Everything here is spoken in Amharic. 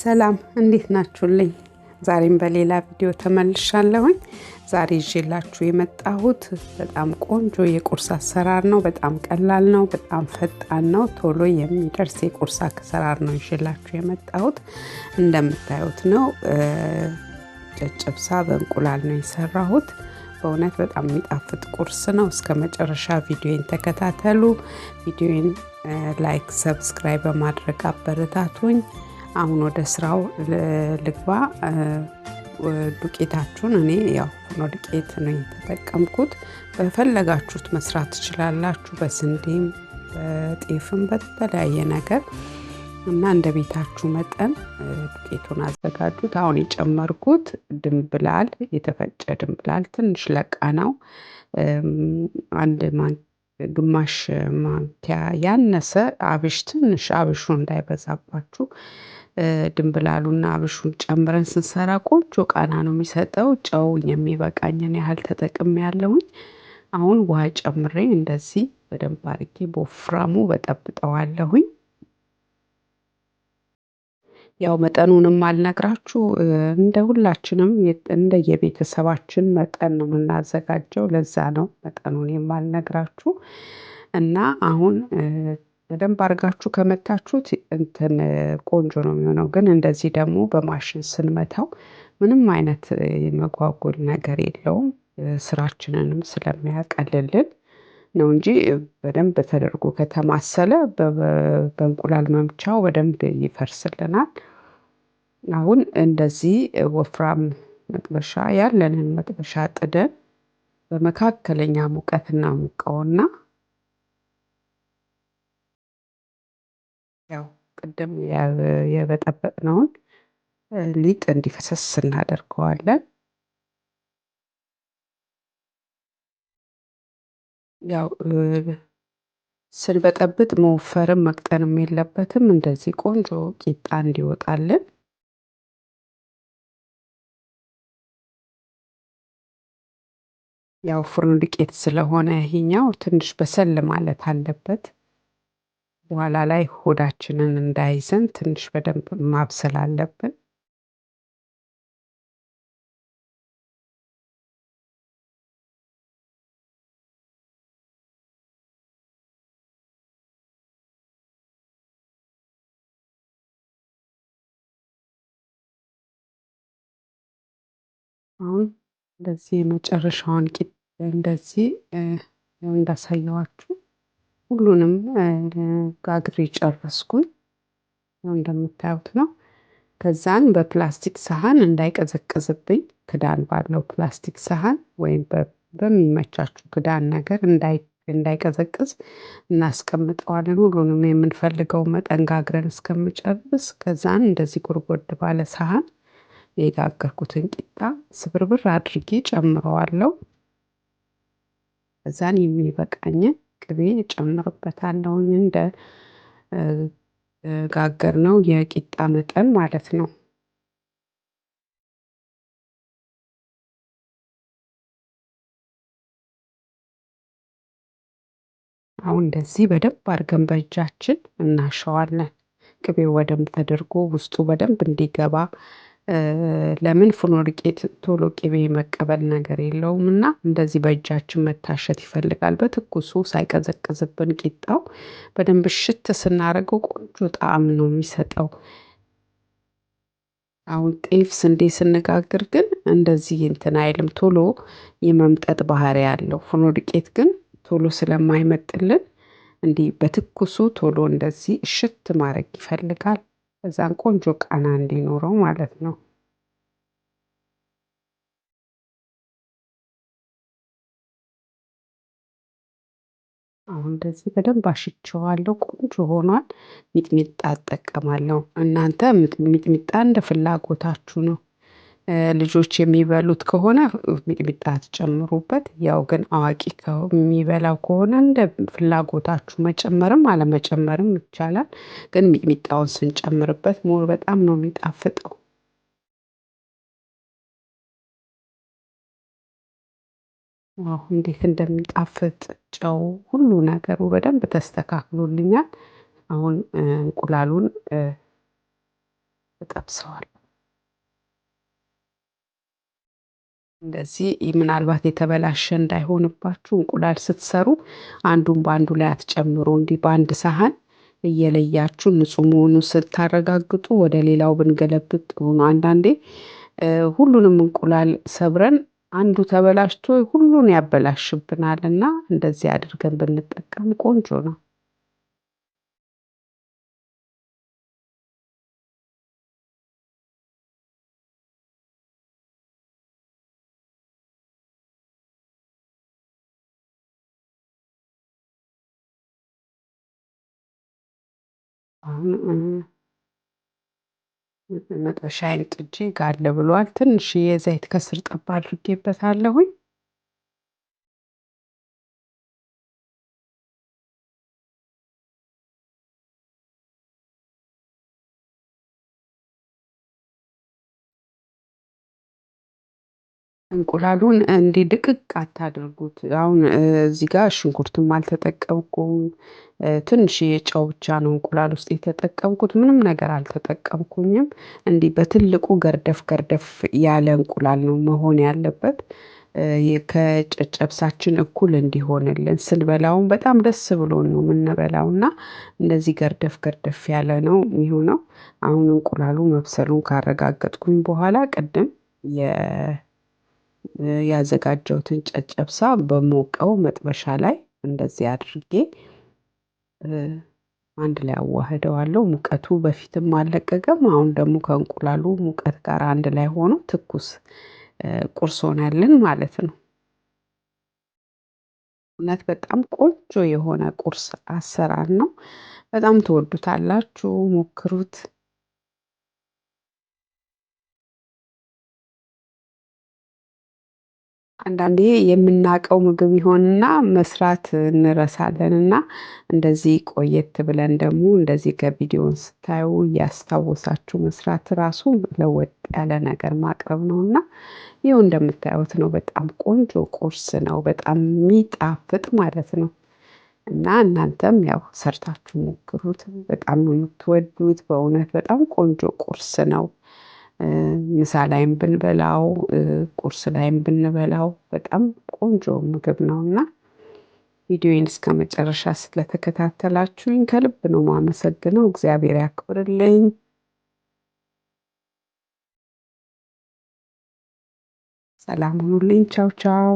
ሰላም እንዴት ናችሁልኝ? ዛሬም በሌላ ቪዲዮ ተመልሻለሁኝ። ዛሬ ይዤላችሁ የመጣሁት በጣም ቆንጆ የቁርስ አሰራር ነው። በጣም ቀላል ነው። በጣም ፈጣን ነው። ቶሎ የሚደርስ የቁርስ አሰራር ነው ይዤላችሁ የመጣሁት። እንደምታዩት ነው። ጨጨብሳ በእንቁላል ነው የሰራሁት። በእውነት በጣም የሚጣፍጥ ቁርስ ነው። እስከ መጨረሻ ቪዲዮን ተከታተሉ። ቪዲዮን ላይክ፣ ሰብስክራይብ በማድረግ አበረታቱኝ። አሁን ወደ ስራው ልግባ። ዱቄታችሁን እኔ ያው ፍኖ ዱቄት ነው የተጠቀምኩት። በፈለጋችሁት መስራት ትችላላችሁ፣ በስንዴም በጤፍም በተለያየ ነገር እና እንደ ቤታችሁ መጠን ዱቄቱን አዘጋጁት። አሁን የጨመርኩት ድንብላል፣ የተፈጨ ድንብላል ትንሽ ለቃ ነው አንድ ግማሽ ማንኪያ ያነሰ አብሽ፣ ትንሽ አብሹ እንዳይበዛባችሁ ድንብላሉና አብሹን ጨምረን ስንሰራ ቆንጆ ቃና ነው የሚሰጠው። ጨው የሚበቃኝን ያህል ያለውኝ። አሁን ውሃ ጨምሬ እንደዚህ በደንብ አርጌ በወፍራሙ በጠብጠዋለሁኝ። ያው መጠኑንም አልነግራችሁ እንደ ሁላችንም እንደ የቤተሰባችን መጠን ነው የምናዘጋጀው። ለዛ ነው መጠኑን የማልነግራችሁ እና አሁን በደንብ አድርጋችሁ ከመታችሁት እንትን ቆንጆ ነው የሚሆነው። ግን እንደዚህ ደግሞ በማሽን ስንመታው ምንም አይነት የመጓጎል ነገር የለውም። ስራችንንም ስለሚያቀልልን ነው እንጂ በደንብ ተደርጎ ከተማሰለ በእንቁላል መምቻው በደንብ ይፈርስልናል። አሁን እንደዚህ ወፍራም መጥበሻ ያለንን መጥበሻ ጥደን በመካከለኛ ሙቀት እናሙቀውና ያው ቅድም የበጠበጥነውን ሊጥ እንዲፈሰስ እናደርገዋለን። ያው ስንበጠብጥ መወፈርም መቅጠንም የለበትም እንደዚህ ቆንጆ ቂጣ እንዲወጣልን ያው ፉርኖ ዱቄት ስለሆነ ይሄኛው ትንሽ በሰል ማለት አለበት። በኋላ ላይ ሆዳችንን እንዳይዘን ትንሽ በደንብ ማብሰል አለብን። አሁን እንደዚህ የመጨረሻውን ቂጥ እንደዚህ እንዳሳየኋችሁ ሁሉንም ጋግሬ ጨረስኩኝ። እንደምታዩት ነው። ከዛን በፕላስቲክ ሳህን እንዳይቀዘቅዝብኝ ክዳን ባለው ፕላስቲክ ሳህን ወይም በሚመቻችሁ ክዳን ነገር እንዳይቀዘቅዝ እናስቀምጠዋለን። ሁሉንም የምንፈልገው መጠን ጋግረን እስከምጨርስ ከዛን እንደዚህ ጎድጎድ ባለ ሳህን የጋገርኩትን ቂጣ ስብርብር አድርጌ እጨምረዋለሁ። ከዛን የሚበቃኝን ቅቤ እጨምርበታለሁኝ እንደ ነው የቂጣ መጠን ማለት ነው። አሁን እንደዚህ በደንብ አድርገን በእጃችን እናሸዋለን ቅቤው በደንብ ተደርጎ ውስጡ በደንብ እንዲገባ ለምን ፉርኖ ቶሎ ቅቤ መቀበል ነገር የለውም እና እንደዚህ በእጃችን መታሸት ይፈልጋል። በትኩሱ ሳይቀዘቅዝብን ቂጣው በደንብ እሽት ስናደርገው ቆንጆ ጣዕም ነው የሚሰጠው። አሁን ጤፍ ስንዴ ስንጋግር ግን እንደዚህ እንትን አይልም ቶሎ የመምጠጥ ባህሪ አለው። ፉርኖ ግን ቶሎ ስለማይመጥልን እንዲህ በትኩሱ ቶሎ እንደዚህ እሽት ማድረግ ይፈልጋል ከዛን ቆንጆ ቃና እንዲኖረው ማለት ነው። አሁን እንደዚህ በደንብ አሽቸዋለሁ። ቆንጆ ሆኗል። ሚጥሚጣ እጠቀማለሁ። እናንተ ሚጥሚጣ እንደ ፍላጎታችሁ ነው። ልጆች የሚበሉት ከሆነ ሚጥሚጣ ትጨምሩበት ያው ግን አዋቂ የሚበላው ከሆነ እንደ ፍላጎታችሁ መጨመርም አለመጨመርም ይቻላል። ግን ሚጥሚጣውን ስንጨምርበት ሞር በጣም ነው የሚጣፍጠው። አሁ እንዴት እንደሚጣፍጥ ጨው ሁሉ ነገሩ በደንብ ተስተካክሎልኛል። አሁን እንቁላሉን እጠብሰዋለሁ እንደዚህ ምናልባት የተበላሸ እንዳይሆንባችሁ እንቁላል ስትሰሩ አንዱን በአንዱ ላይ አትጨምሩ። እንዲህ በአንድ ሳህን እየለያችሁ ንጹህ መሆኑ ስታረጋግጡ ወደ ሌላው ብንገለብጥ ጥሩ ነው። አንዳንዴ ሁሉንም እንቁላል ሰብረን አንዱ ተበላሽቶ ሁሉን እና እንደዚህ አድርገን ብንጠቀም ቆንጆ ነው መጥበሻዬን ጥጄ ጋለ ብሏል። ትንሽዬ ዘይት ከስር ጠብ አድርጌበታለሁኝ። እንቁላሉን እንዲህ ድቅቅ አታድርጉት አሁን እዚህ ጋር ሽንኩርትም አልተጠቀምኩም ትንሽዬ የጨው ብቻ ነው እንቁላል ውስጥ የተጠቀምኩት ምንም ነገር አልተጠቀምኩኝም እንዲህ በትልቁ ገርደፍ ገርደፍ ያለ እንቁላል ነው መሆን ያለበት። ከጨጨብሳችን እኩል እንዲሆንልን ስንበላውም በጣም ደስ ብሎን ነው የምንበላው እና እንደዚህ ገርደፍ ገርደፍ ያለ ነው የሚሆነው። አሁን እንቁላሉ መብሰሉን ካረጋገጥኩኝ በኋላ ቅድም ያዘጋጀሁትን ጨጨብሳ በሞቀው መጥበሻ ላይ እንደዚህ አድርጌ አንድ ላይ አዋህደዋለሁ። ሙቀቱ በፊትም አለቀቀም፣ አሁን ደግሞ ከእንቁላሉ ሙቀት ጋር አንድ ላይ ሆኖ ትኩስ ቁርስ ሆነልን ማለት ነው። እውነት በጣም ቆንጆ የሆነ ቁርስ አሰራር ነው። በጣም ትወዱታላችሁ፣ ሞክሩት። አንዳንዴ የምናውቀው ምግብ ይሆንና መስራት እንረሳለን እና እንደዚህ ቆየት ብለን ደግሞ እንደዚህ ከቪዲዮን ስታዩ እያስታወሳችሁ መስራት ራሱ ለወጥ ያለ ነገር ማቅረብ ነው። እና ይኸው እንደምታዩት ነው በጣም ቆንጆ ቁርስ ነው በጣም የሚጣፍጥ ማለት ነው። እና እናንተም ያው ሰርታችሁ ሞክሩት በጣም ነው የምትወዱት በእውነት በጣም ቆንጆ ቁርስ ነው ምሳ ላይም ብንበላው ቁርስ ላይም ብንበላው በጣም ቆንጆ ምግብ ቪዲዮን ቪዲዮዬን መጨረሻ ስለተከታተላችሁኝ ከልብ ነው የማመሰግነው። እግዚአብሔር ያክብርልኝ። ሰላም ሁኑልኝ። ቻው ቻው